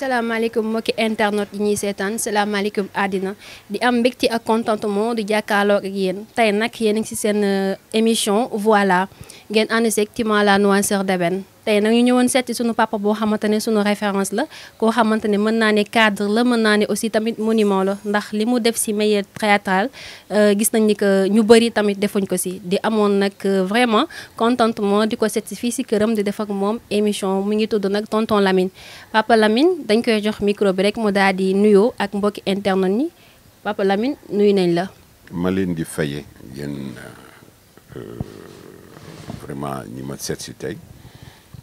salaamaaleykum mbokki internet yi ñuy seetaan salaamaaleykum adina di am mbégte ak contentement di jàkkaarloo ak yéen tay nak yéen ci sen euh, émission voilà ngeen ànd seeg Tima la noiseur tey nag ñu ñëwoon seeti suñu papa boo xamante ne suñu référence la koo xamante ne mën naa ne cadre la mën naa ne aussi tamit monument la ndax li mu def si milieu théâtral euh, gis nañ ni que ñu bëri tamit defuñ ko si di amoon nak euh, vraiment contentement di ko seeti fii si këram di def ak moom émission mu ngi tudd nag tonton Lamine papa Lamine dañ koy jox micro bi rek mu daal di nuyoo ak mbokki interne ñi papa Lamine nuyu nañ la. ma leen di faye yéen euh, vraiment ñi ma seet si tey.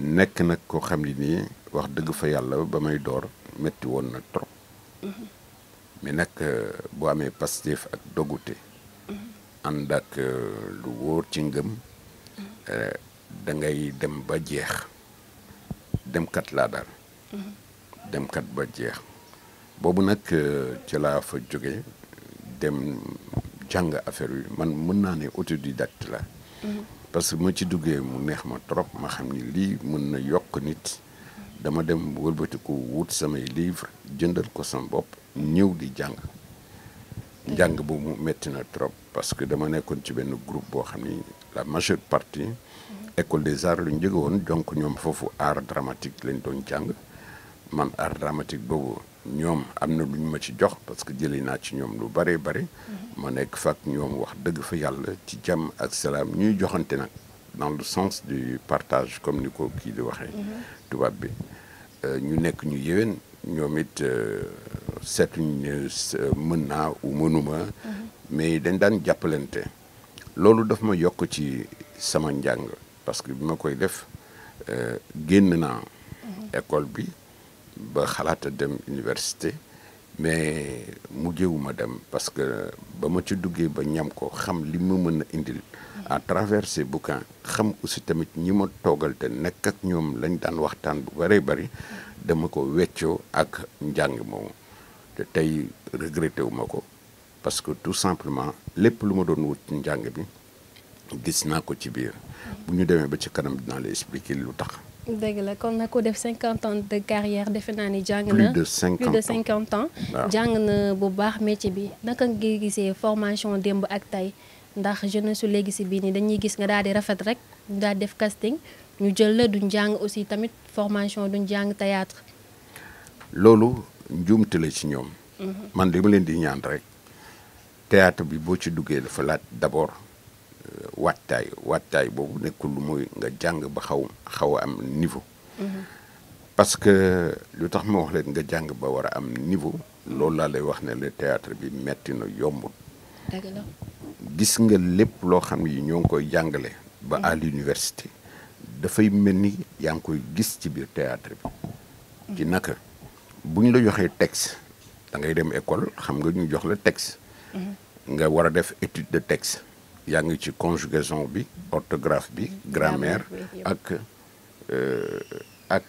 nek nak ko xamni ni wax deug fa yalla ba may dor metti won na trop mm-hmm. mais nak euh, bo amé pastéef ak dogute mm-hmm. ànd ak euh, lu wor ci ngëm mm-hmm. euh, da dem ba jeex la dal dem kat ba jeex bobu nak ci la fa jóge dem jang affaire yi man mën na né autodidacte la parce que ma ci duggee mu neex ma trop ma xam ni lii mën na yokk nit dama dem ko wut samay livre jëndal ko sama bopp ñëw di jàng njàng boobu metti na trop parce que dama nekkoon ci benn groupe boo xam ni la majeure partie école des arts lu ñu jóge woon donc ñoom foofu art dramatique lañ doon jàng man art dramatique boobu ñom amna na ma ci jox parce que jëlina ci ñom lu bare bare mhm. ma nekk fak ñom wax deug fa yalla ci jàmm ak ñuy joxante nak dans le sens du partage comme ni ko di waxe mhm. tubaab bi euh, ñu nekk ñu yewen ñom it euh, seetuñ une euh, naa ou mënuma mhm. mais dañ dan jàppalante lolu daf ma yok ci sama jang parce que bima koy def génn naa école bi ba xalaat dem université mais mujjewuma dem parce que ba ma ci duggee ba ñam ko xam li ma mën a indil à travers ces bouquins xam aussi tamit ñi ma toogal te nekk ak ñoom lañ daan waxtaan bu bëree bari dama ko weccoo ak njàng moomu te tey regretté wu ma ko parce que tout simplement lépp lu ma doon wut ci njàng bi gis naa ko ci biir bu ñu demee ba ci kanam dinaa la expliquer lu tax dëgg kon na ko def 50 ans de carrière ni na plus de cinquante ans plus de 50 ans jàng na bu baax métier bi naka ngi gisee formation demb ak tay ndax jeunesse su léegi si bii dañuy gis nga daal di rafet rek ñu daal def casting ñu jël la duñ jang aussi tamit formation duñ jang théâtre lolu njuumte la ci ñom mhm. man leen di ñaan rek. théâtre bi bo ci duggé dafa laaj d'abord wattaay wattaay boobu nekkul lu muy nga jàng ba xaw xaw am niveau. Mhm. parce que lu tax ma wax leen nga jàng ba war a am niveau loolu laa lay wax ne le théâtre bi metti na yombul. gis nga lépp loo xam ne ñoo ngi koy jàngale. ba à mhm. l'université dafay mel ni yaa ngi koy gis ci biir théâtre bi. Mhm. ci naka bu la joxee texte da ngay dem école xam nga ñu jox la texte. nga war a def étude de texte. Il y a une conjugaison bi orthographe bi grammaire ak euh, ak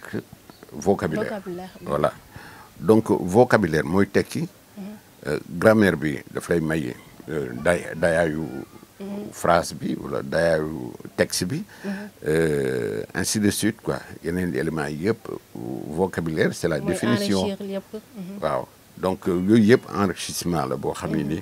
vocabulaire voilà donc vocabulaire mhm. euh, grammaire bi de lay maye euh, mhm. phrase bi wala d'ailleurs texte bi mhm. ainsi de suite quoi a un élément vocabulaire c'est la définition donc il y enrichissement un enrichissement.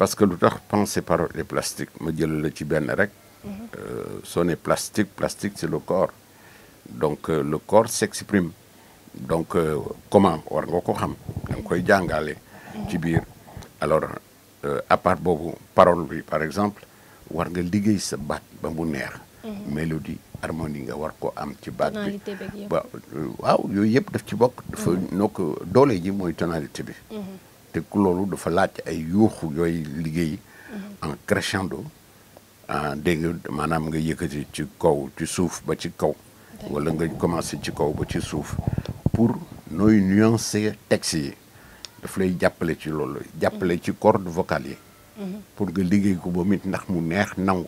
parce que l'autre pense par les plastiques Me dit le ci benn rek euh, soo plastique plastique c'est le corps donc euh, le corps s'exprime donc euh, comment war nga ko xam da nga koy jàngale ci alors euh, à part boobu parole bi par exemple war nga liggéey se baat ba mu neex mhm. mélodie harmonie nga war ko am ci baat bi waaw yooyu yëpp daf ci bokk dafa mhm. noo doole ji mooy tonalité bi mhm te loolu dafa laaj ay yuuxu yooyu liggéey mhm. en crescendo ah, dégg nga maanaam nga yëkkati ci kaw ci suuf ba ci kaw wala nga commencé ci kaw ba ci suuf pour nooy nuancer texte yi daf lay jàppale ci loolu jàppale mhm. ci corde vocales yi mhm. pour nga liggéey ko ba mit ndax mu neex nangu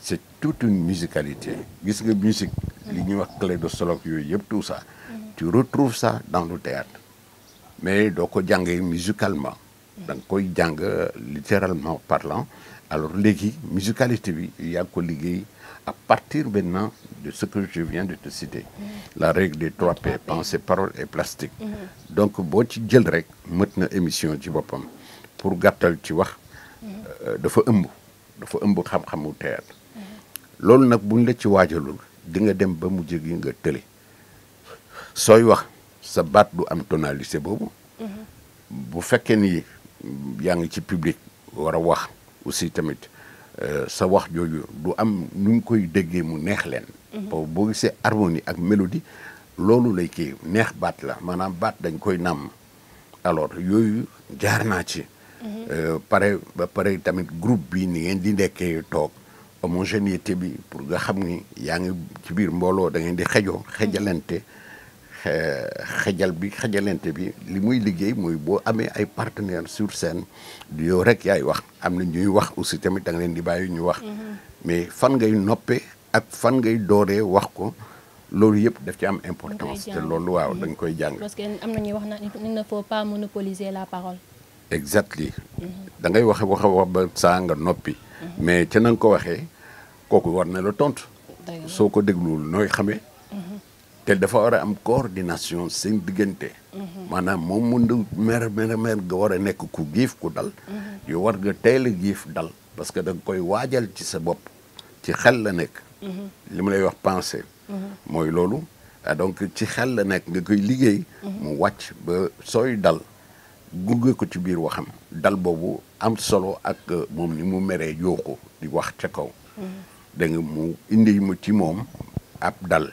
c'est toute une musicalité gis nga musique li ñuy wax clé de solo yooyu yëpp tout ça tu retrouves ça dans le théâtre mais doo ko jàngee musicalement donc koy jang euh, littéralement parlant alors légui musicalité bi yaa ngi ko liggéey à partir maintenant de ce que je viens de te citer mm-hmm. la règle des trois P pensée parole et plastique mm-hmm. donc bo ci jël rek metna émission ci bopam pour gattal ci wax mm-hmm. euh, dafa ëmb dafa ëmb xam-xamu théâtre loolu nak buñ la ci wajalul di nga dem ba mu jegi nga tële soy wax sa baat du am tonalité boobu. bu fekkee ni yaa ngi ci public war a wax aussi tamit euh, sa wax jooju du am nu koy déggee mu neex leen. Mhm. boobu boo gisee harmonie ak mélodie loolu lay kii neex baat la maanaam baat dañ koy nàmm alors yooyu jaar naa ci. Mhm. Euh, pare ba pare tamit groupe bi ni ngeen di nekkee toog homogénéité bi pour nga xam ni yaa ngi ci biir mbooloo da ngeen di xejoo mhm. xejalante. xajal bi xajalante bi li muy liggéey mooy boo amee ay partenaires sur scène du yow rek yaay wax am na ñuy wax aussi tamit da nga leen di bàyyi ñu wax mm-hmm. mais fan ngay noppee ak fan ngay dooree wax ko loolu yëpp daf ci am importance te loolu waaw mm-hmm. dañ koy jàng parce que am na ñuy wax na il ne faut pas monopoliser la parole exactly mm-hmm. da ngay waxe waxe wax ba saa nga noppi mais ca na nga ko waxee kooku war na la tontu soo ko dégluwul nooy xamee te dafa war a am coordination seen diggante. Mhm. maanaam moom mu ndu mer mer nga war a nekk ku giif ku dal. Mhm. yu war nga teel a giif dal parce que danga koy waajal ci sa bopp ci xel la nekk. Mhm. li mu lay wax pensée. mooy loolu ah, donc ci xel la nekk nga koy liggéey. mu wàcc ba sooy dal gunge ko ci biir waxam. dal boobu am solo ak euh, moom ni mu meree yoo ko di wax ca kaw. da nga mu indi mu ci moom ab dal.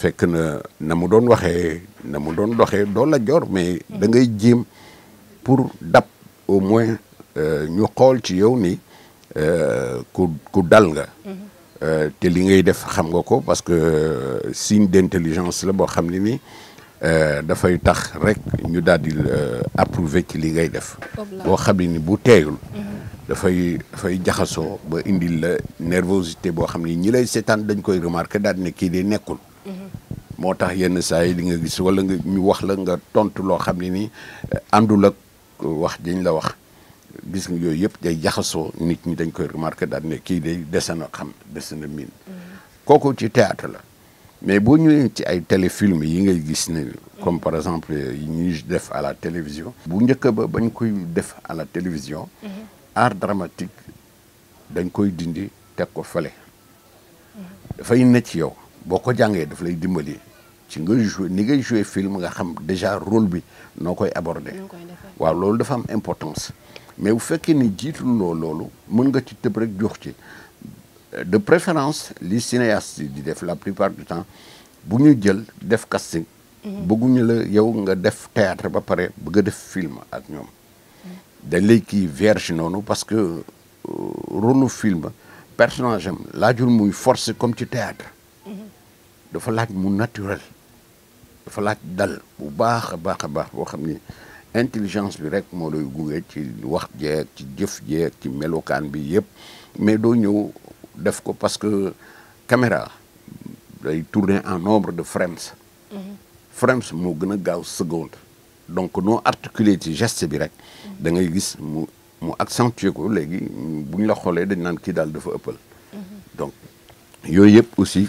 fekk na na mu doon waxee na mu doon doxee doon la joor mais da ngay jéem pour dab au moins euh, ñu xool ci yow ni euh, ku ku dal nga mm-hmm. euh, te li ngay def xam nga ko parce que signe d'intelligence la boo xam ne ni dafay tax rek ñu daal approuver ci li ngay def boo xam ni bu teeyul mm-hmm. dafay dafay jaxasoo ba indil la nervosité boo xam ni ñi lay seetaan dañ koy remarqué daal ne kii de nekkul motax yenn say li nga gis wala nga wax la nga tontu eh, ak wax théâtre mais si ñu ci ay téléfilm yi comme par exemple def à la télévision. bu ba bañ koy def à la télévision. Mm-hmm. art dramatique dañ koy dindi mm-hmm. ne ci boko ko daf lay dimbali ci nga ni ngay jouer film nga xam déjà rôle bi nokoy aborder abordé lolou dafa am importance mais bu faites ni jiituloo lolou mën nga ci teub rek jox ci de préférence les cinéastes, di def la plupart du temps bu ñu jël def casting mhm. bëgguñu la yow nga def théâtre ba paré bëgg def film ak ñom dañ lay ki verge nonu parce que euh, rôle film personnage la laajul muy force comme ci théâtre dafa laaj mu naturel dafa laaj dal bu baax a baax baax intelligence bi rek mo doy gunge ci wax jeeg ci jëf jeeg ci melokaan bi yépp mais do ñëw def ko parce que caméra day tourner en nombre de frames mhm. frames mo gëna a gaaw seconde donc no articuler ci geste bi rek mhm. da ngay gis mu mu accentuer ko légui buñ la xolé dañ naan kii daal dafa ëppal mhm. donc yooyu yep aussi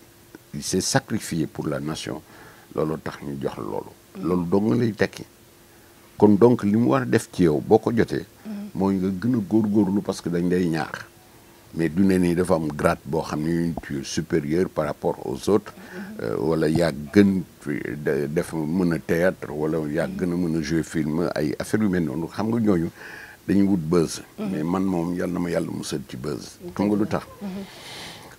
il s'est sacrifié pour la nation loolu tax ñu jox loolu. do nga lay tekki kon donc limu mu war def ci yow boko joté jotee. Mm-hmm. nga gëna gor gor lu parce que dañ lay ñaax. mais du ne ni dafa am grade bo xamni ne tu supérieur par rapport aux autres mm-hmm. euh, wala ya gën def mëna théâtre wala ya mm-hmm. gën mëna jouer film ay affaire yu mel non xam nga ñoñu dañuy wut buzz. mais man mom yalla na ma yalla musal ci buzz. xam nga lutax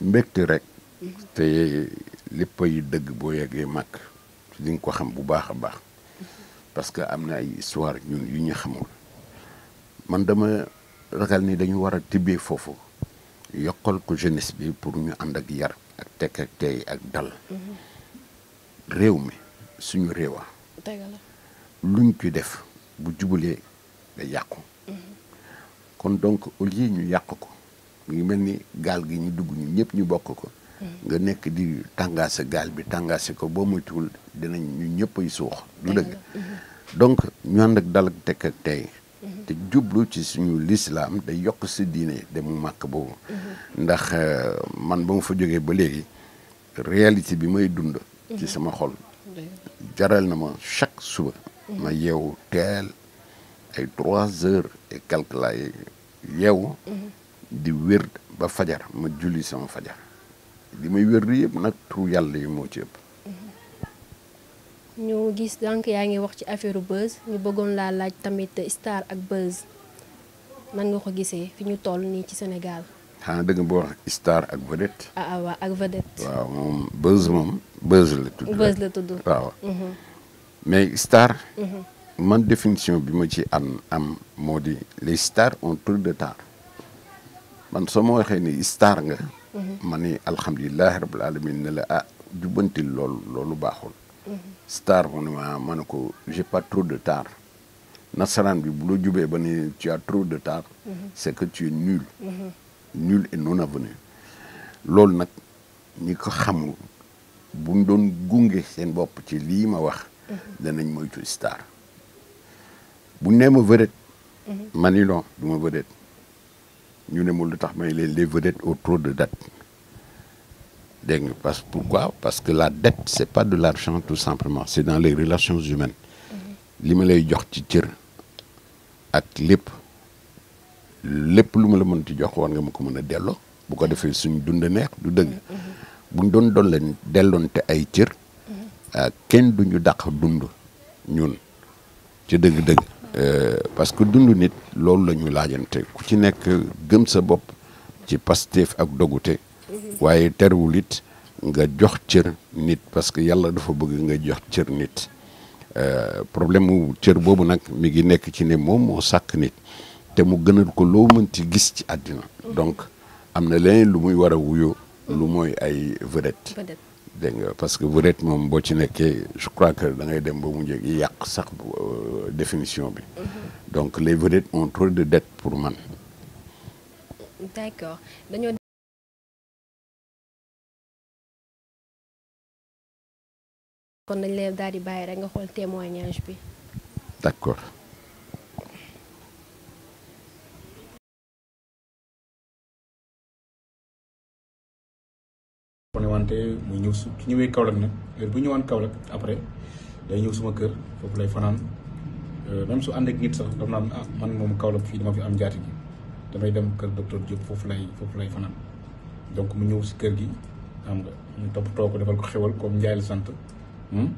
mbégte rek te lépp yu dëgg boo yeggee mag di nga ko xam bu baax a baax parce que am na ay histoire ñun yu ñu xamul man dama ragal ni dañu war a tibbee foofu yokkal ko jeunesse bi pour ñu ànd ak yar ak tekk ak tey ak dal réew mi suñu réewa luñ ci def bu jubalee da yàqu mm-hmm. kon donc au lieu ñu yàq ko mu mel ni gaal gi ñu dugg ñun ñëpp ñu bokk ko. Mm. nga nekk di tàngaase gaal bi tàngaase ko boo moytuwul dinañ ñun ñëpp ay suux. du dëgg mm-hmm. donc ñu ànd ak dal ak tekk tey. Mm-hmm. te jublu ci suñu lislaam day yokk si diine dem màkk boobu. Mm-hmm. ndax euh, man ba ma fa jógee ba léegi réalité bi may dund. ci sama xol. jaral na ma chaque suba. ma yeewu teel ay trois heures et quelques laay yeewu. di wér ba fajar ma julli sama fajar di may wér yëpp nag tru yàlla yi moo ci ëpp. ñu gis donc yaa ngi wax ci affaire buzz ñu bëggoon laa laaj tamit star ak buzz nan nga ko gisee fi ñu toll nii ci Sénégal. xanaa dëgg boo wax star ak vedette. ah ah waaw ak vedette. waaw moom buzz moom buzz la tudd. buzz la tudd waaw. Mhm. mais star. Mhm. man définition bi ma ci am am moo di les stars ont trop de talent man soo ma ni star nga. ma ni alhamdulilah rabil alamin la ah jubbantil loolu star mu ah, ne ko j'ai pas trop de tard nasaraan bi bu lo djubé ba ni tu as trop de tard. c'est que tu es nul. nul et non avenu. lol nak ni ko xamul buñ doon gunge sen bop ci li ma wax. danañ moytu star. bu nee ma vedette. ma ni non vedette ñu ne ma lu may les les vedettes au trop de dette dégg nga parce pourquoi parce que la dette c'est pas de l'argent tout simplement c'est dans les relations humaines li ma lay jox ci cër ak lépp lépp lu ma la mën ci jox war nga ma ko mën a delloo bu ko defee suñ dund neex du dëgg buñ doon doon leen delloonte ay cër mm-hmm. ah, kenn duñu dàq dund ñun ci dëgg-dëgg Euh, parce que dund nit loolu la ñu laajante ku ci nekk gëm sa bopp ci Pastef ak dogute mhm. waaye terwul it nga jox cër nit parce que yàlla dafa bëgg nga jox cër nit euh, problème mu cër boobu nag mi ngi nekk ci ne moom moo sàkk nit te mu gënal ko loo mënti gis ci àddina mhm. donc am na leneen lu muy war a lu mooy ay vedette dégg parce que vedette moom boo ci nekkee je crois que da ngay dem ba mu njëkk yàq sax euh, définition bi. Mm-hmm. donc les vedettes ont trop de dettes pour man. d'accord dañoo. kon dañ leen daal di bàyyi rek nga xool témoignage bi. d'accord. kon wante muy ñëw su ñëwee Kaolack nag heure bu ñëwaan Kaolack après day ñëw suma kër foofu lay fanaan euh, même su ànd ak nit sax dam naan ah, man moom Kaolack fii dama fi am jaati gi damay dem kër docteur Diop foofu lay foofu lay fanaan donc mu ñëw si kër gi xam nga ñu ko defal ko xewal comme Ndiaye sant hmm?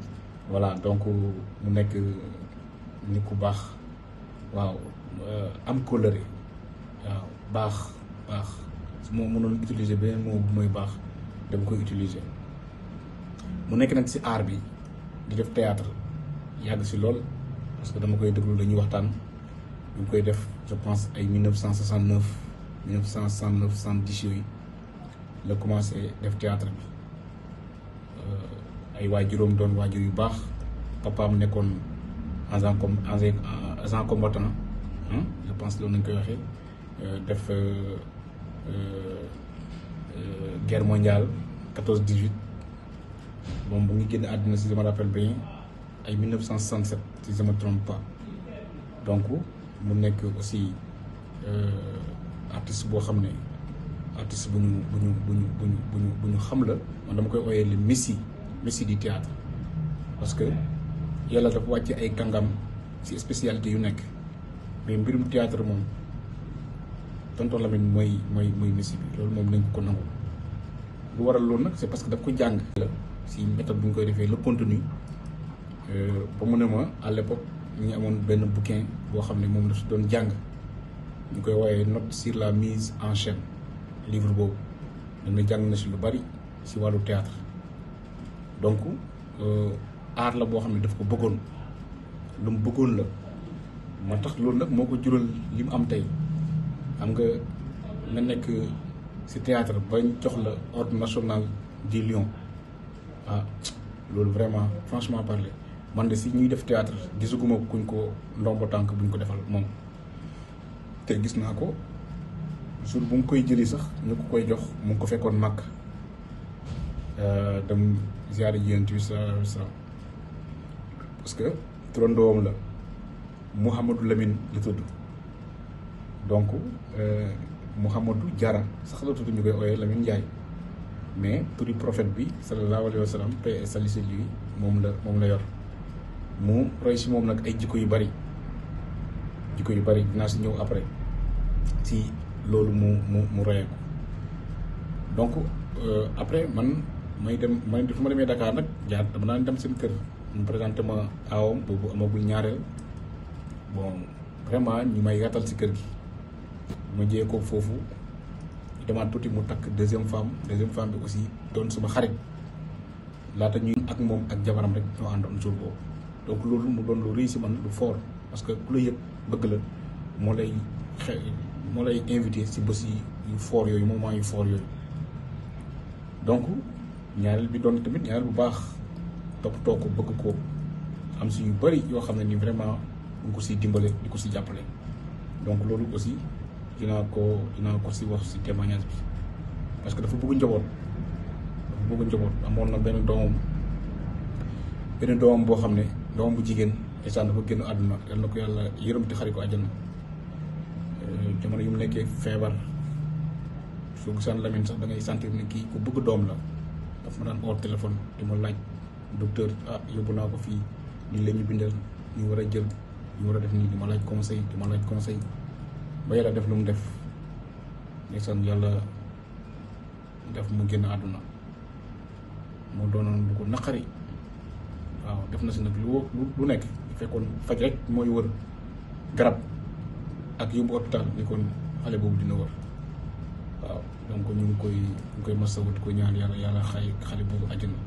voilà donc mu nekk ni ku baax waaw euh, am colère waaw baax baax su ma mënul utiliser beneen mot bu mooy baax dama koy utiliser mu nekk nag si art bi di def théâtre yàgg si lool parce que dama koy déglu dañuy waxtaan bu koy def je pense ay 1969 1969 70 yooyu la commencé def théâtre bi euh, ay waajuróom doon waajur yu baax papaam nekkoon agent com agent combattant hein, je pense loolu nañ koy waxee euh, def. Euh, euh, guerre mondiale 14 18 Bon, bu si je me rappelle bien en 1967 si je ne me trompe pas donc je suis aussi euh, artiste qui xam artiste bu ñu bu ñu bu ñu bu ñu bu ñu xam la man dama koy ooyee le messie messie du théâtre parce que yàlla dafa wàcce ay kangam si spécialité yu nekk mais mbirum théâtre moom tonton Lamine mooy mooy mooy messi bi loolu moom nañ ko nangu lu waral loolu nag c'est parce que daf ko jàng la si méthode bu ñu koy defee le contenu euh, ba mu ne ma à l'époque ñu ngi amoon benn bouquin boo xam ne moom la si doon jàng ñu koy woowee note sur la mise en scène livre boobu danga jàng na si lu bari si wàllu théâtre donc aar euh, la boo xam ne daf ko bëggoon lu mu bëggoon la moo tax loolu nag moo ko jural li mu am tey xam nga nga nekk si théâtre bañ jox la ordre national du lion ah loolu vraiment franchement parler man de si ñuy def théâtre gisuguma kuñ ko ndombo tànk buñ ko defal moom te gis naa ko jour bu mu koy jëli sax ñu ko koy jox mu ngi ko fekkoon màkk euh, dem ziare yonent bi sallallahu alayhi wa sallam parce que turandoom la Mouhamadou Lamine la tudd donc euh, Muhammadu jara sax la tuddu ñu koy ooyee Lamine Ndiaye mais turi prophète bi sallallahu alayhi wa sallam paix et salut lui moom la moom la yor mu roy si moom nag ay jikko yu bari jikko yu bari dinaa si ñëw après si loolu mu mu mu royee ko donc euh, après man may dem man def ma demee Dakar nag jaar dama daan dem seen kër mu présenté ma aawam boobu amagul ñaareel bon vraiment ñu may yaatal si kër gi. Je jiyee ko et demaat mu suis deuxième femme deuxième femme aussi peu suma xarit ñuy ak ak jabaram rek jour beau donc loolu mu Je lu réussi man parce que bëgg invité si fort yoy moment fort donc ñaareel bi doon tamit bu baax top top bëgg ko am yu ni vraiment ko donc lolu aussi dina ko dina ko si wax ci témoignage bi parce que dafa bëgg njaboot dafa bëgg njaboot amon na benn doomam benn doomam bo xam ne doomam bu jigéen ndeysaan dafa génn aduna yal nako yalla yàlla yërëm te xari ko àjjana eh, jamono yu nekké nekkee feebar soo gisaan Lamine sax da ngay sentir ni ki ku bëgg doom la dafa ma dan oo téléphone di ma laaj docteur ah yobu naa ko fii lii ñu bindal ñu wara a jël ñu wara def ni di ma laaj conseil di ma laaj conseil ba yàlla def lu mu def san yàlla def mu génn àdduna mu doonoon bu ko naqari waaw def na si nag lu lu nekk fekkoon faj rek mooy wër garab ak yóbbu hôpital ni kon xale boobu dina wër waaw donc ñu ngi koy ñu koy masawut ko ñaan yàlla yàlla xay xale boobu àjjana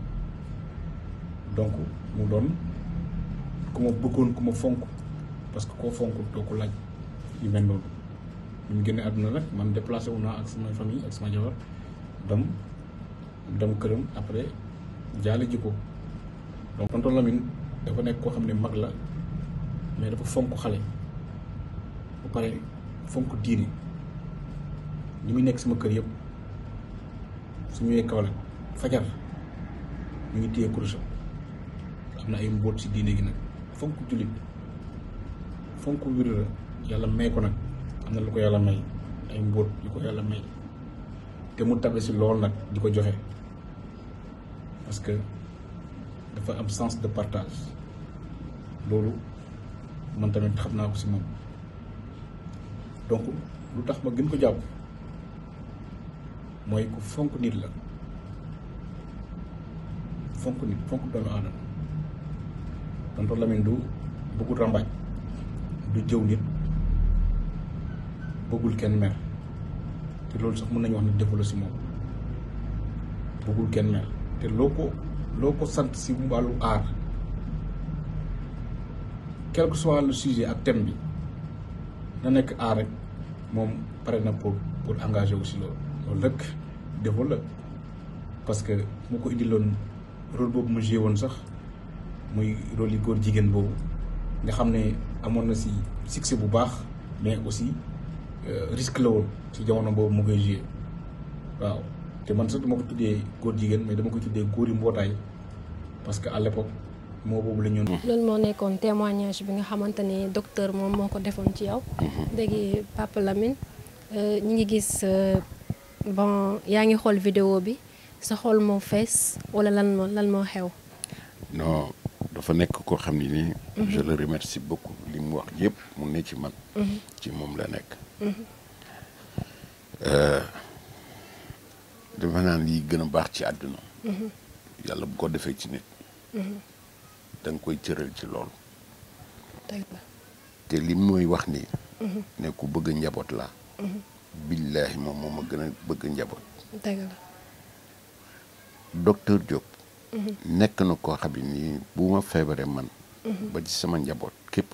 donc mu doon ku ma bëggoon ku ma fonk parce que koo fonk doo ko laaj yu mel noonu ñu génne aduna nag eh? man déplacer wu na ak sama famille ak sama jabar dem dem kërëm après jaale jikko donc tonton Lamine dafa nek ko xamné mag la mais dafa fonk xalé ba paré fonk diine ñu mi nek sama kër yëpp su ñëwee Kaolack fajar ñu ngi téye kurusam amna ay mbóot ci diiné gi nak fonk julit fonk wirra yalla may ko nag am lu ko yalla may ay mbot yu ko may te mu tabe ci lool nak diko joxe parce que dafa am sens de partage loolu man tamit xamna ko ci mom donc lu tax ma gën ko japp moy ku fonk nit la fonk nit fonk do anam tonton Lamine du bëggu rambaj du jëw nit bëggul kenn mer te loolu sax mën nañu wax ne défaut la si moom bëggul kenn mer te loo ko loo ko sant si wàllu aar quel que soit le sujet ak thème bi na nekk aar rek moom pare na pour pour engagé wu si loolu loolu rek défaut la parce que mu ko indiloon rôle boobu mu joué woon sax muy rôle yi góor jigéen boobu nga xam ne amoon na si succès bu baax mais aussi euh, risque la woon ci jamono bobu mu koy joué waaw te man sax dama ko tuddee góor jigéen mais dama ko tuddee góori mbotay parce que à l'époque mo bobu la ñun lool mo nekkoon témoignage bi nga xamantani docteur mom moko ko ci yow mhm. léegi Papa Lamine euh ñi ngi gis euh, bon ya ngi xol vidéo bi sa xol moo fess wala lan moo lan mo xew non dafa nekk koo xam ne nii mhm. je le remercie beaucoup li mu wax yëpp mu ne ci man. Mhm. ci moom la nekk. Mhm. Euh, dafa naan lii gën a baax ci àdduna. Mhm. yàlla bu ko defee ci nit. da koy cëral ci loolu. te li mooy wax nii. ne ku bëgg njaboot la billaahi moom moom a gën a bëgg njaboot. dëgg la. nekk na koo xam ne nii bu ma feebaree man. ba ci sama njaboot képp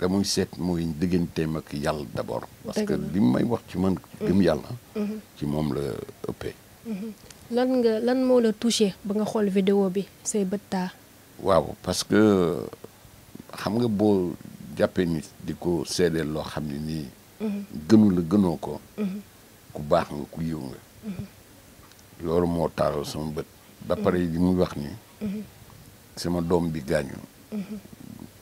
damay seet mooy digganteem ak yàlla d'abord. parce que li may wax ci man mm-hmm. gëm yàlla. Mm-hmm. ci moom la ëppee. Mm-hmm. lan nga lan moo la touché ba nga xool vidéo bi say bët taa. waaw parce que xam nga boo jàppee nit di ko seedeel loo xam ne nii. gënu la gënoo ko. ku baax nga ku yiw nga. loolu moo taaral sama bët. ba pare li muy wax ni. sama doom bi gaañu.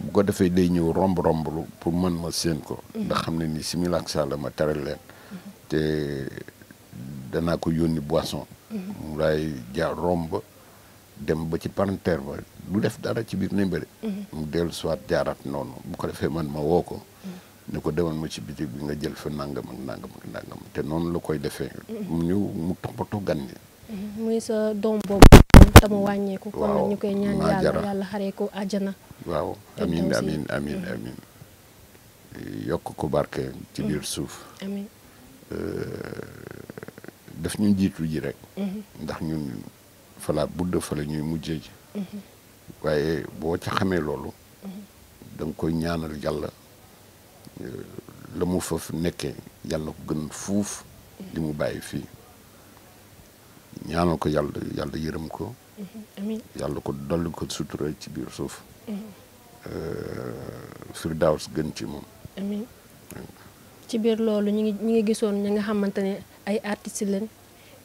bu ko defee day ñëw romb romblu pour mën ma séen ko mhm. ndax xam ne ni simila ak sala ma teral leen mhm. te danaa ko yónni boisson mhm. mu lay jaar romb dem ba ci parenteer ba du def dara ci biir nañ bëri mu dellu soit jaaraat noonu bu ko defee man ma woo ko ko demal ma ci bitig bi nga jël fa nangam ak nangam ak nangam te noonu la koy defee mu ñëw mu toppatoo gan ñi muy sa doom boobu tama wàññeeku kon ñu koy ñaan yàlla yàlla xaree ko àjjana waaw amin amin amin mm. amin yokk ko barke ci mm. biir suuf amin euh, daf ñu jiitu ji rek mm-hmm. ndax ñun fala budd fa ñuy mujjee ji mm-hmm. waaye boo ca xamee loolu mm-hmm. da nga koy ñaanal yàlla euh, la mu faf nekkee yàlla ko gën fuuf li mu bàyyi fii ñaanal ko yàlla yàlla yërëm ko yàlla ko dolli ko sutura ci biir suuf Firdaws euh, gën ci moom. ci biir loolu ñu ngi ñu ngi gisoon ñi nga xamante ne ay artistes lañ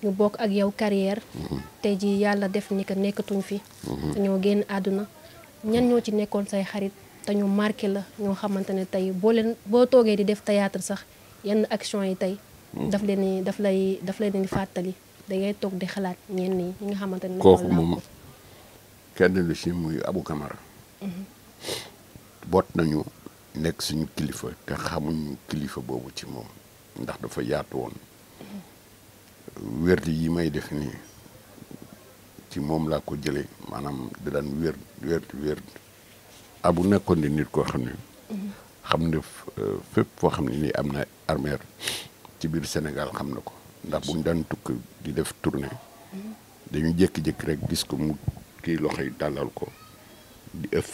ñu bokk ak yow carrière. Mm-hmm. tey jii yàlla def ni nekkatuñ fi. Mm-hmm. ñoo génn àdduna ñan ñoo ci nekkoon say xarit te ñu marqué la ñoo xamante ne tey boo leen boo toogee di def théâtre sax yenn action yi tey. Mm-hmm. daf leen daf lay daf leen di fàttali da ngay toog di xalaat ñenn ñi nga xamante ne. kooku moom kenn lu si muy Abou Camara. boot nañu nekk suñu kilifa te xamuñu kilifa boobu ci moom ndax dafa yaatu woon wérdi yi may def nii ci moom laa ko jëlee maanaam da daan wér wér abu ah, nekkoon ni nit koo xam ne xam ne euh, fépp foo xam ne nii am na armeer ci biir senegal xam na ko ndax bu ñu daan tukk di def tournée dañu jékki-jékki rek gis ko mu kii loxo yi tàllal ko di ëf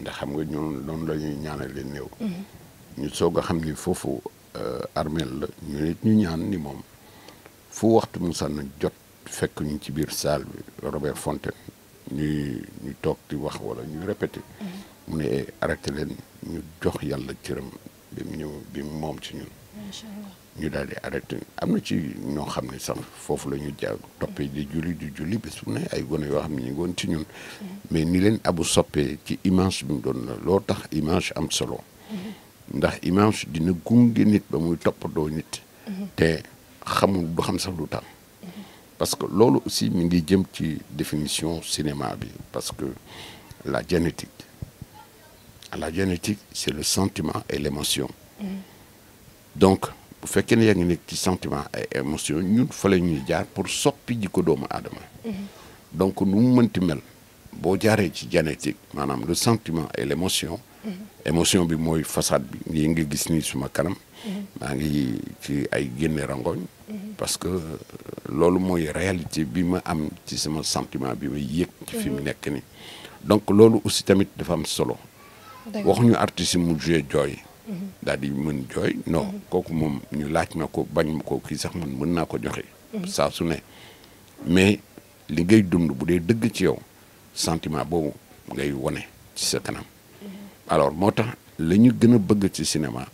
ndax xam nga ñun noonu lañuy ñuy ñaanale néew. Mhm. ñu soog a xam ni foofu euh, armeel la ñu ñu ñaan ni moom fu waxtu musa na jot fekk ñu ci biir salle bi Robert Fontaine ñuy ñu toog di wax wala ñuy répété. Mhm. mu ne eh, arrêté leen ñu jox yàlla cëram bi mu bi moom ci ñun. ñu daal di arrêté ci ñoo xam sax di julli di julli ay mais ni leen abu ci image bi mu tax image am solo ndax image dina nit ba muy parce que loolu aussi mi ngi jëm définition cinéma parce que la génétique la génétique c'est le sentiment et l'émotion donc bu fekkee ne yaa ngi nekk ci sentiment ay émotion ñun fa la ñuy jaar pour soppi ji ko doomu aadama mm-hmm. donc nu mu mënti mel boo jaaree ci génétique maanaam le sentiment et l' émotion mm-hmm. émotion bi mooy façade bi lii nga gis nii suma kanam mm-hmm. maa ngi ci ay génne rangoñ parce que euh, loolu mooy réalité bi ma am ci sama sentiment bi ma yëg ci fi mu nekk nii donc loolu aussi tamit dafa am solo waxuñu artiste mu joué jooy daal di mën jooy non mhm. kooku moom ñu laaj ma ko bañ ma ko kii sax man mën naa ko joxe mhm. saa su ne mais li ngay dund bu dee dëgg ci yow sentiment boobu ngay wone ci sa kanam mhm. alors moo tax la ñu gën a bëgg ci cinéma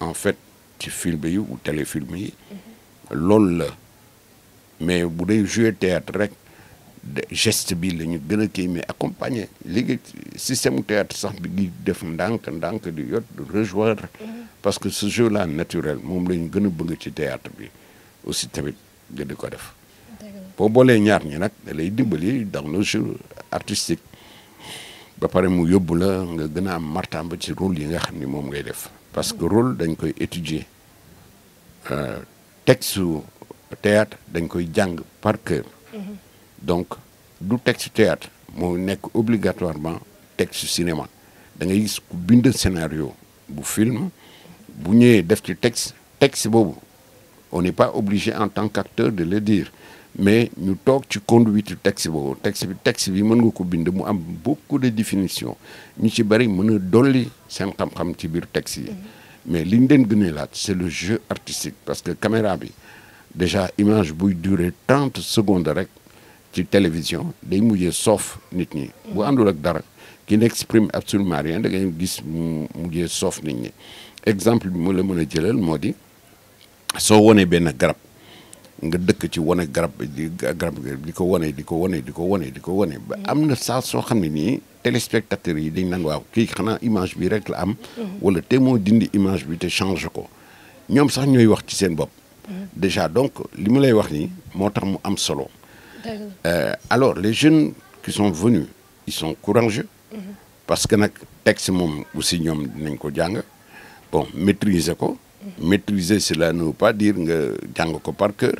en fait ci film yi ou téléfilm yi loolu la mais bu dee jouer théâtre rek geste bi la ñu gën a kii mais accompagner léegi système théâtre sax bi ngi def ndànk ndànk di yot rejoindre mm-hmm. parce que ce jeu là naturel moom la ñu gën a bëgg ci théâtre bi aussi tamit nga di ko def boo boolee ñaar ñi nag da lay dimbali dans le jeu artistique ba pare mu yóbbu la nga gën a am martamba ci rôle yi nga xam ni moom ngay def parce que rôle dañ koy étudier euh, texte théâtre dañ koy jàng par cœur mm-hmm donc du texte théâtre mon nek obligatoirement texte cinéma da ngay gis ku bind scénario bu film bu ñëwee def ci texte texte boobu on n'est pas obligé en tant qu'acteur de le dire mais ñu toog ci conduite texte Le texte bi texte bi mën nga ko mu beaucoup de définitions. ñu ci bari mën a dolli seen xam-xam ci biir texte mais liñ ñu leen c'est le jeu artistique parce que caméra bi déjà image buy durer 30 secondes rek ci télévision day soft sauf nit ñi. bu àndul ak ki n'exprime absolument rien da ngay gis sauf exemple le mu la jëlal modi so woné ben garab nga dëkk ci woné garab garab di ko est di ko woné di ko di ko téléspectateurs yi dañ waaw image bi rek la am. Mm-hmm. wala dindi image bi te change ko ñom sax ñoy wax ci seen bop mm-hmm. déjà donc limu lay wax solo. Euh, euh, alors les jeunes qui sont venus ils sont courageux. Mhm. parce que nag texte moom aussi ñoom dinañ ko jàng bon maîtriser ko. Mhm. maîtriser cela ne veut pas dire nga par cœur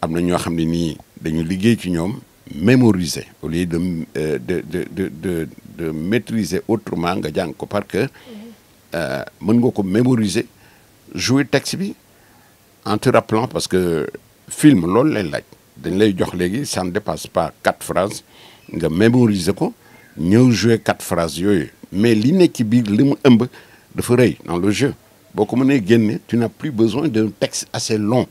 am na dit que nous dañu ci mémoriser au lieu euh, de de de de de maîtriser autrement nga jàng ko par cœur mhm. euh, mën nga ko mémoriser jouer texte en te rappelant parce que film loolu lay ça ne dépasse pas quatre phrases nga mémoriser ko ñëw jouer quatre phrases mais ce qui est important dans le jeu tu n'as plus besoin d'un texte assez long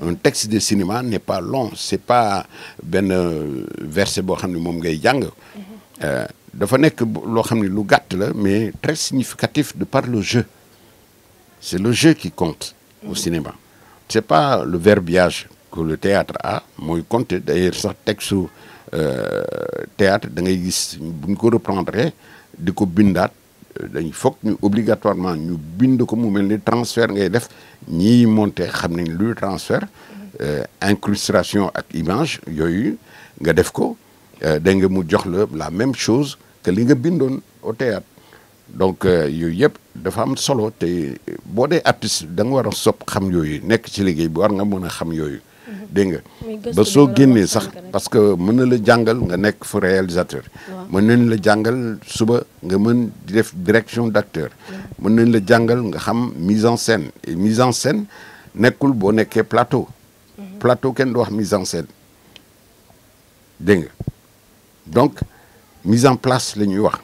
un texte de cinéma n'est pas long c'est pas un euh, verset qui est ne moom c'est mm-hmm. euh, mais très significatif de par le jeu c'est le jeu qui compte au mm-hmm. cinéma c'est pas le verbiage que le théâtre a moi compter d'ailleurs sax texte euh, théâtre da ngay gis bu ñu ko reprendre di ko obligatoirement euh, dañ foog ñu obligatoirement ñu bind ko mu ni monter xam nañ luy transfert euh, incrustation ak image yooyu nga def ko da nga mu la même chose que li nga au théâtre donc yooyu de dafa am solo te boo dee artiste da nga war sop sopp xam yooyu nekk ci liggéey bi war n'a dégg ba so génnee sax parce que mën na la jangal nga nek réalisateur mën nañ la jangal suba nga mën di def direction d'acteur mën nañ la jangal nga xam mise en scène et mise en scène nekul bo nekkee plateau mhm. plateau ken du wax mise en scène dégg donc mise en place la wax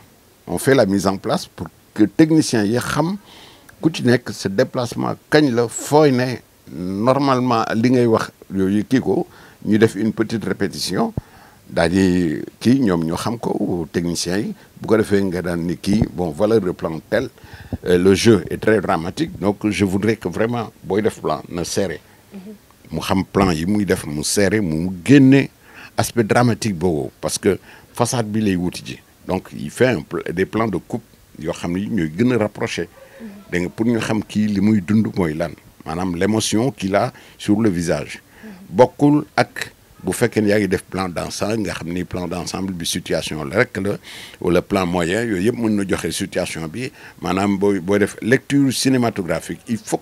on fait la mise en place pour que technicien yi xam ku ci nekk sa déplacement kagn la fooy normalement li ngay wax yoyu kiko, ñu def une petite répétition d'aller qui ñom ñu xam ko technicien. bu ko defee nga dan ni ki bon valeur de plan tel euh, le jeu est très dramatique donc je voudrais que vraiment boy def plan na serré mhm. mu xam plan yi muy def mu serré mu génne aspect dramatique bo parce que façade bi lay wuti ji donc il fait un des plans de coupe yo xam ni ñooy rapprocher. a rapproché mhm. da pour ñu xam ki li muy dund moy lan manam l'émotion qu'il a sur le visage bokul ak bu fekkene ne def plan d'ensemble nga xamni plan d'ensemble bi situation la rek la le plan moyen yooyu yëpp mën na joxe situation bi manam booy def lecture cinématographique il faut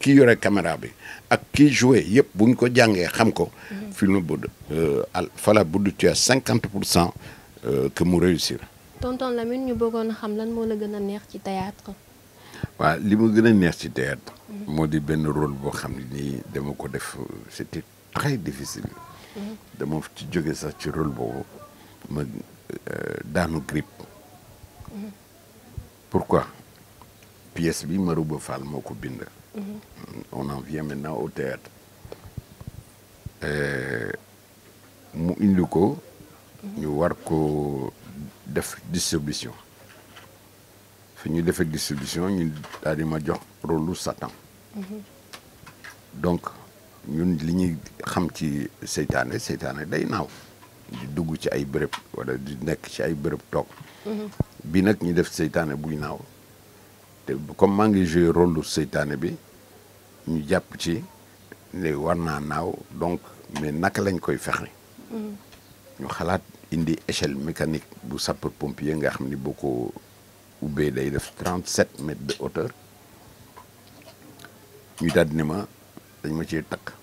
ki yore caméra bi ak ki joué yep buñ ko jangé xam ko mm-hmm. film bu euh, al fala budd tu as 50% euh, que mu réussir tonton Lamine ñu bëggoon xam lan mo la le neex ci théâtre waaw li ma gën a neex ci théâtre moo di rôle boo xam ne nii dama def c'était très difficile mhm. dama ci jóge sax ci rôle boobu ma euh, daanu grippe mhm. pourquoi pièce bi Marouba Fall moo ko bind mhm. on en vient maintenant au théâtre euh, mu indi ko ñu war ko def distribution nous avons fait la distribution, nous avons fait le rôle de Satan. Donc, nous avons fait le Satan, le Satan est là. Nous avons fait le Satan, nous avons fait le Satan. Nous avons fait le Satan. Comme j'ai joué le rôle de Satan, nous avons fait le Satan. Donc, nous avons fait le Satan. Nous avons fait une échelle mécanique pour rôle de Satan ubbee day def 37 mètres de hauteur ñu daal ni ma dañ ma ci tak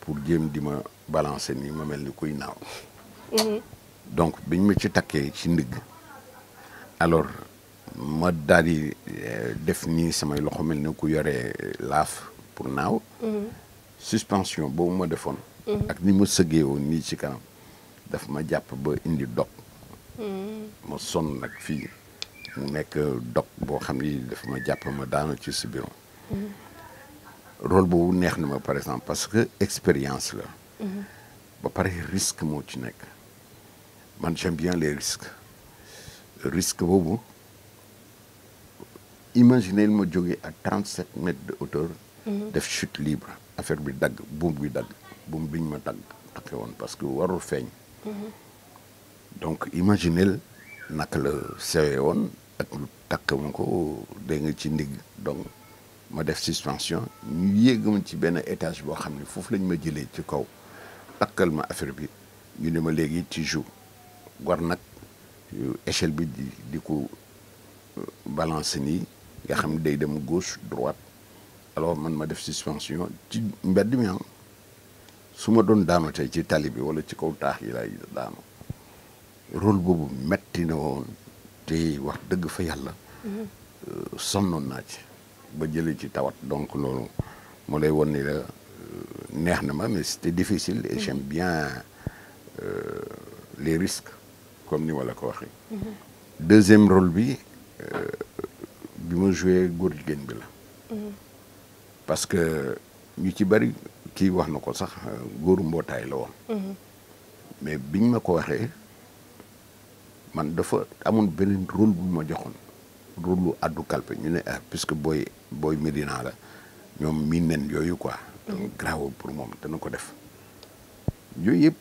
pour jëm di ma balancer ni ma melni ni kuy naaw. Mhm. donc biñ ma ci takkee ci ndigg alors ma daal euh, def ni samay loxo melni ku yoré laaf pour naaw. Mhm. suspension bo ma defoon. Mhm. ak ni ma sëggee woon nii ci kanam daf ma japp ba indi dog ma son nak fi mu nekk dog boo xam dafa ma japp ma daanu ci ce bureau rôle boobu neex na ma par exemple parce que expérience la ba pare risque mo ci nek man j'aime bien les risques risque boobu imaginez mo jógee à 37 sept mètres de hauteur def chute libre affaire bi dag boum bi dag boum biñ ma dag takke woon parce que warul feñ mhm. donc imaginez naka la sewee ak lu takk ma ko de nga ci ndig donc ma def suspension ñu yéeg ci ben étage bo xamni ne lañ ma jëlee ci kaw takal ma affaire bi ñu ne ma léegi ci jour war nag échelle bi di di ko euh, balancer ni nga xam day dem gauche droite alors man ma def suspension ci mbedd mi am ah. suma doon daanu tey ci tali bi wala ci kaw taax yi laay daanu rôle bobu metti na woon te wax deug fa yàlla. Mhm. Euh, sonnon na ci ba jëlee ci tawat donc loolu moo lay won ni la euh, neex na ma mais c'était difficile et mhm. j'aime bien euh, les risques comme ni wala la ko waxee. Mhm. deuxième rôle bi euh, bi mo joué gor jigéen bi la. parce que ñu ci bari ki wax na ko sax goru mbotay la woon. mais biñ ma ko waxee man dafa amone beneen rôle bu ma joxone rôle lu addu kalpe ñu ne ah, puisque boy boy Médina la ñom miin nen yooyu quoi. grave pour da na ko def yooyu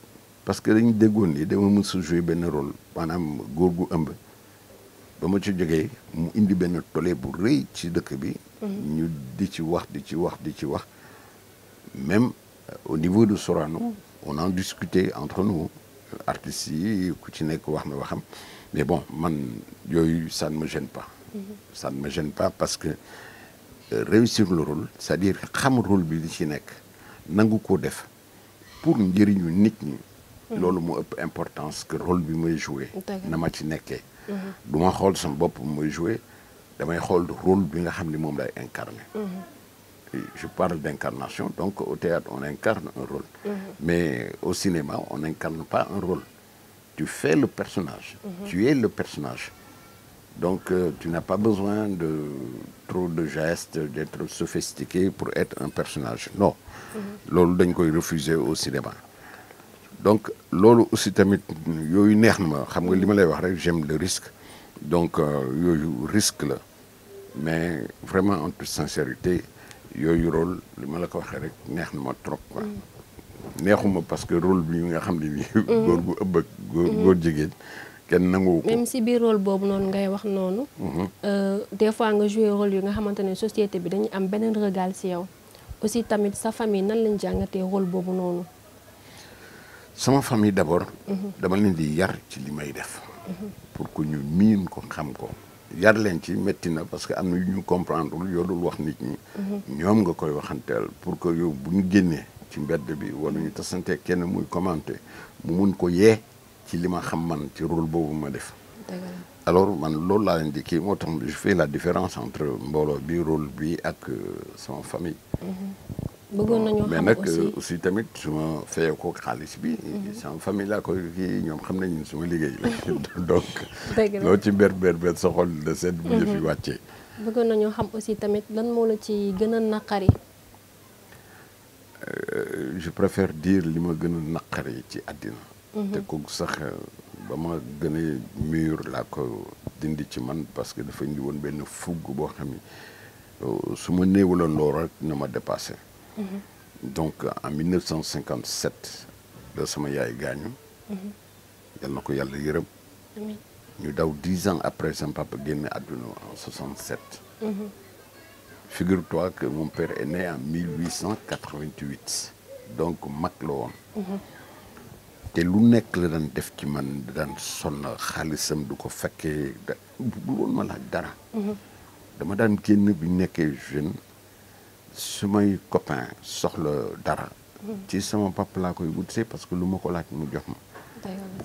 parce que dañu déggoon ni dama mën su jouer benn rôle manam gorgu gu ëmb ba ma ci jógee mu indi benn tolé bu reuy ci dëkk bi. Mhm. ñu di ci wax di ci wax di ci wax même euh, au niveau de Sorano on en discutait entre nous artistes mais bon man ça ne me gêne pas. Mhm. ça ne me gêne pas parce que euh, réussir le rôle c'est-à-dire le rôle bi li pour nous nit mhm. importance que rôle bi jouer na ma ci mhm. du suis joué sama bopp jouer le rôle bi nga xam je parle d'incarnation, donc au théâtre, on incarne un rôle. Mhm. Mais au cinéma, on n'incarne pas un rôle. Tu fais le personnage, mhm. tu es le personnage. Donc euh, tu n'as pas besoin de trop de gestes, d'être sophistiqué pour être un personnage. Non, mhm. lolo au cinéma. Donc lolo aussi tamit mis j'aime le risque. Donc euh, risque Mais vraiment en toute sincérité, yooyu rôle li ma la ko waxee rek neex na ma trop quoi. Mm. neexuma parce que rôle bi nga xam ne bii. Mm. góor gu ëpp ak góor mm. góor jigéen kenn nanguwu ko. même si biir role boobu noonu ngay wax noonu. Mm-hmm. Euh, des fois nga joué rôle yu nga xamante ne société bi dañuy am beneen regard si yow. aussi tamit sa famille nan lañ jàngatee rôle boobu noonu. sama famille d'abord. Mm-hmm. dama leen di yar ci li may def. Mm-hmm. pour que ñu miin ko xam ko. yar leen ci metti na parce que am na ñu comprendre lu yoo dul wax nit ñi. ñoom nga koy waxanteel pour que yow bu ñu génnee ci mbedd bi wala ñu tasante kenn muy commenté mu mun ko yee ci li ma xam man ci rôle boobu ma def. alors man loolu laa leen di kii moo tax je fais la différence entre mbooloo bi rôle bi ak euh, sama famille. Mm-hmm. bëggoon nañoo xam mais nag euh, aussi tamit su ma fayee ko xaalis bi. Mhm. sama famille laa koy kii ñoom xam nañu suma liggéey la donc. loo ci ber ber ber sa xol de seet. bu ñu mhm. wàccee. bëggoon nañoo xam aussi tamit lan moo la ci gën a naqari. Euh, je préfère dire li ma gën a naqari ci àddina. Mhm. te ko sax euh, ba ma gën a mur laa ko dindi ci man parce que dafa indi woon benn fugg boo xam ni su ma néewaloon loolu rek na ma dépassé. Mhm. donc en 1957 le sama yaay gagné. il y ko yàlla yërëm. ñu daw dix ans après sama papa génn en 67. Mhm. figure-toi que mon père est né en 1888 donc mag la woon. qui mhm. lu nekk la daan def ci man daan sonn xaalisam du ko fekkee da du woon ma laaj dara. dama daan jeune su copain soxla dara mm. ci parce que ma ko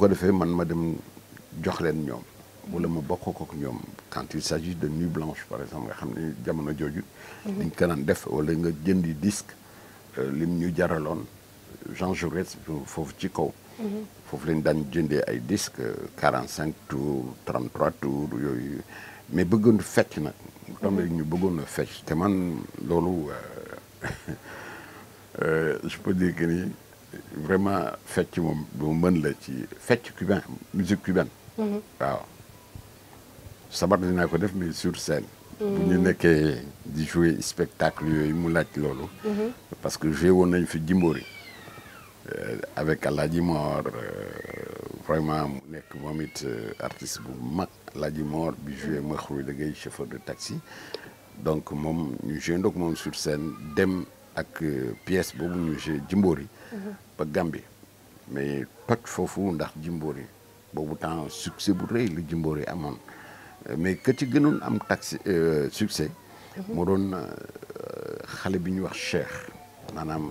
jox ma man ma dem jox mm. quand il s'agit de nuit blanche par exemple nga xam ne jamono jooju dañ mm-hmm. ko def wala nga disque euh, lim ñu jaraloon Jean Jaurès foofu ci kaw mm-hmm. foofu lañ daan ay disque euh, quarante tours trente tours mais beaucoup de nag comme ñu bëggoon a fecc te man loolu euh, euh, je peux dire que ni vraiment fecc moom lu mën la ci fecc cubain musique cubaine. Mhm. waaw sabar dinaa ko def mais sur scène. Mhm. bu ñu nekkee di jouer spectacle yooyu mu laaj loolu. Mhm. parce que joué woon nañ fi Jimbori. Euh, avec Alaaji Mor vraiment mu nekk moom it artiste bu mag. Ladji Mor bi joué Makhoury Gueye chauffeur de taxi donc moom ñu joué document sur scène dem ak euh, pièce boobu ñu joué Jimbori mhm. ba Gambie mais toj foofu ndax Jimbori boobu temps succès bu rëy la Jimbori amoon mais que ci gënoon am taxi euh, succès mhm. moo doon euh, xale bi ñuy wax Cheikh maanaam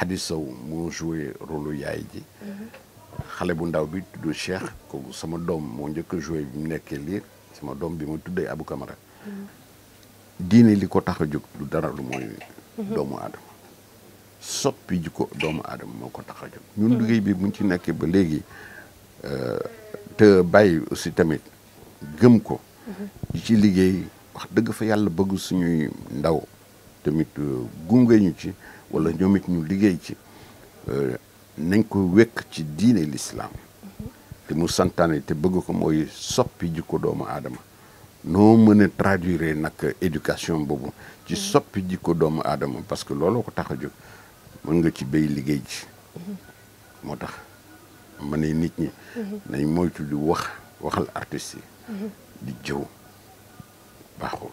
Hadi Sow moo joué rôle yaay ji mhm. xale bu ndaw bi tudd Cheikh kooku sama doom moo njëkk a joué bi mu nekkee lii sama doom bi ma tuddee Abou Camara diine li ko tax a jóg du dara lu mooy doomu aadama soppi ji ko doomu aadama moo ko tax a jóg ñun mm. liggéey bi buñ ci nekkee ba léegi euh, te bàyyi aussi tamit gëm ko mm-hmm. di ci liggéey wax dëgg fa yàlla bëgg suñuy ndaw tamit euh, gunge ñu ci wala ñoomit it ñu liggéey ci euh, nañ ko wékk ci diine lislaam mhm. te mu santaane te bëgg ko mooy soppi jikko doomu aadama noo mën a traduire nag éducation boobu ci mhm. soppi jikko doomu aadama parce que looloo ko tax a jóg mën nga ci béy liggéey ji mhm. moo tax ma ne nit ñi nañ moytu di wax waxal artiste yi di jëw baaxul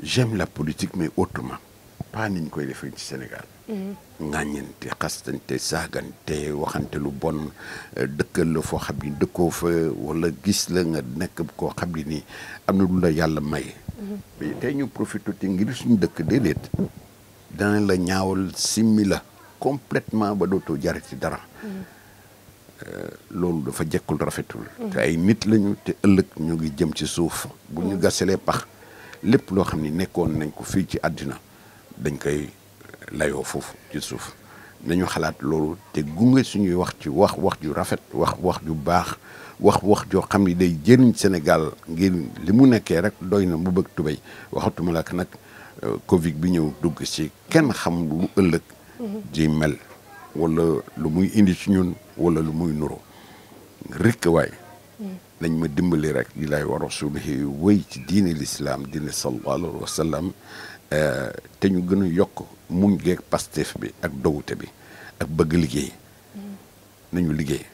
j'aime la politique mais autrement pas ñu koy defee ci Sénégal. ŋàññante mm-hmm. xastante te waxante lu bon euh, dëkkal la foo xam ni dëkkoo fa wala gis la nga nekk koo xam ne nii am na lu la yàlla may mm-hmm. te ñu profité te ngir suñu dëkk déedéet dana la ñaawal simmi la complètement ba dootoo jar ci dara. Mm-hmm. Euh, loolu dafa jekkul rafetul. te ay nit lañu te ëllëg ñu ngi jëm ci suuf. bu ñu gasalee pax. lépp loo xam ni nekkoon nañ ko fii ci àddina dañ koy layoo foofu ci suuf nañu xalaat loolu te gunge suñuy wax ci wax wax ju rafet wax wax ju baax wax wax joo xam ni day jëriñ senegal ngir li mu nekkee rek doy na mu bëgg tubéy waxatuma la nag euh, Covid bi ñëw dugg ci kenn xam lu ëllëg. di mel wala lu muy indi ci ñun wala lu muy nuro rikk waay nañ ma dimbali rek di lay wa rasulihi wéy ci diine lislaam diine sallallahu alayhi wa eh, te ñu gën a yokk muñ geeg pastef bi ak dowute bi ak bëgg liggéey mm. nañu liggéey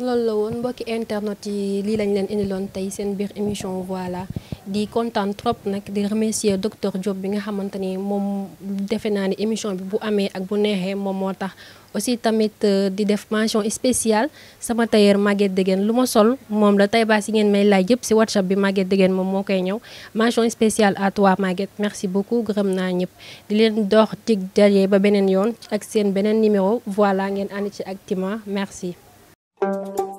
loolu la mbokki internet yi li lañ leen indiloon tay seen bir émission voilà di kontaan trop nak di remercier docteur job bi nga xamanteni mom moom defe ni émission bi bu amé ak bu nexé mom motax aussi tamit euh, di def mention spéciale sama tailleur Maguette Degen luma sol mom la tey baas ngeen may laaj yëpp si WhatsApp bi Maguette Degen mom mo koy ñew mention spéciale à toi Maguette merci beaucoup gërem na ñëpp di leen dox tik dalé ba benen yoon ak seen benen numéro voilà ngeen ànd ci ak merci Thank you.